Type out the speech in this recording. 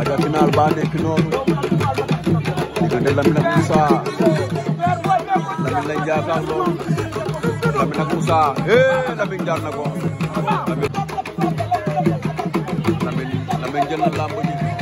aca final ba nekk noonu diggante Lamine ak Moussa Lamine lay jaakaar loolu Lamine ak Moussa hee Lamine jaar na ko Lamine Lamine jël na làmb ji